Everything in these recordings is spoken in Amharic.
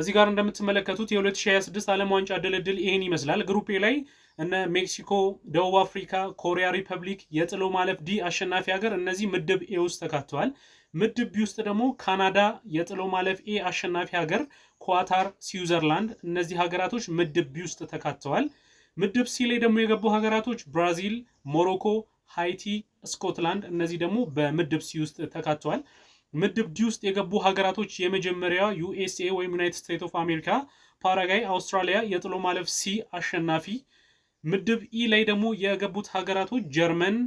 እዚህ ጋር እንደምትመለከቱት የ2026 ዓለም ዋንጫ ድልድል ይህን ይመስላል። ግሩፕ ላይ እነ ሜክሲኮ፣ ደቡብ አፍሪካ፣ ኮሪያ ሪፐብሊክ፣ የጥሎ ማለፍ ዲ አሸናፊ ሀገር እነዚህ ምድብ ኤ ውስጥ ተካተዋል። ምድብ ቢ ውስጥ ደግሞ ካናዳ፣ የጥሎ ማለፍ ኤ አሸናፊ ሀገር ኳታር፣ ስዊዘርላንድ እነዚህ ሀገራቶች ምድብ ቢ ውስጥ ተካተዋል። ምድብ ሲ ላይ ደግሞ የገቡ ሀገራቶች ብራዚል፣ ሞሮኮ፣ ሃይቲ፣ ስኮትላንድ እነዚህ ደግሞ በምድብ ሲ ውስጥ ተካተዋል። ምድብ ዲ ውስጥ የገቡ ሀገራቶች የመጀመሪያ ዩኤስኤ ወይም ዩናይትድ ስቴትስ ኦፍ አሜሪካ፣ ፓራጋይ፣ አውስትራሊያ የጥሎ ማለፍ ሲ አሸናፊ። ምድብ ኢ ላይ ደግሞ የገቡት ሀገራቶች ጀርመን፣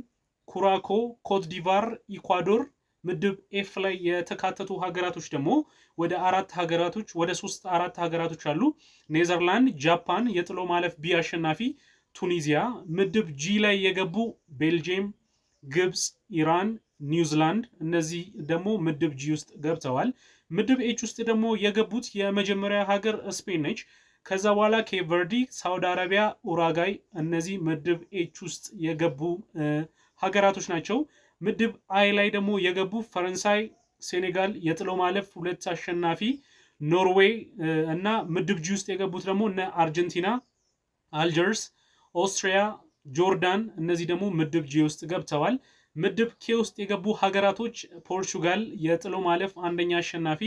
ኩራኮ፣ ኮትዲቫር፣ ኢኳዶር። ምድብ ኤፍ ላይ የተካተቱ ሀገራቶች ደግሞ ወደ አራት ሀገራቶች ወደ ሶስት አራት ሀገራቶች አሉ። ኔዘርላንድ፣ ጃፓን የጥሎ ማለፍ ቢ አሸናፊ ቱኒዚያ። ምድብ ጂ ላይ የገቡ ቤልጅየም ግብፅ፣ ኢራን፣ ኒውዚላንድ እነዚህ ደግሞ ምድብ ጂ ውስጥ ገብተዋል። ምድብ ኤች ውስጥ ደግሞ የገቡት የመጀመሪያ ሀገር ስፔን ነች። ከዛ በኋላ ኬፕ ቨርዲ፣ ሳውዲ አረቢያ፣ ኡራጋይ እነዚህ ምድብ ኤች ውስጥ የገቡ ሀገራቶች ናቸው። ምድብ አይ ላይ ደግሞ የገቡ ፈረንሳይ፣ ሴኔጋል የጥሎ ማለፍ ሁለት አሸናፊ ኖርዌይ እና ምድብ ጂ ውስጥ የገቡት ደግሞ እነ አርጀንቲና፣ አልጀርስ፣ ኦስትሪያ ጆርዳን፣ እነዚህ ደግሞ ምድብ ጂ ውስጥ ገብተዋል። ምድብ ኬ ውስጥ የገቡ ሀገራቶች ፖርቹጋል፣ የጥሎ ማለፍ አንደኛ አሸናፊ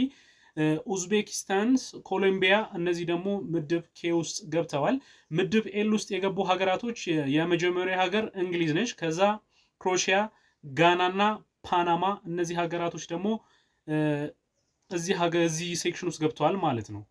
ኡዝቤኪስታን፣ ኮሎምቢያ እነዚህ ደግሞ ምድብ ኬ ውስጥ ገብተዋል። ምድብ ኤል ውስጥ የገቡ ሀገራቶች የመጀመሪያ ሀገር እንግሊዝ ነች። ከዛ ክሮሺያ፣ ጋና እና ፓናማ እነዚህ ሀገራቶች ደግሞ እዚህ ሴክሽን ውስጥ ገብተዋል ማለት ነው።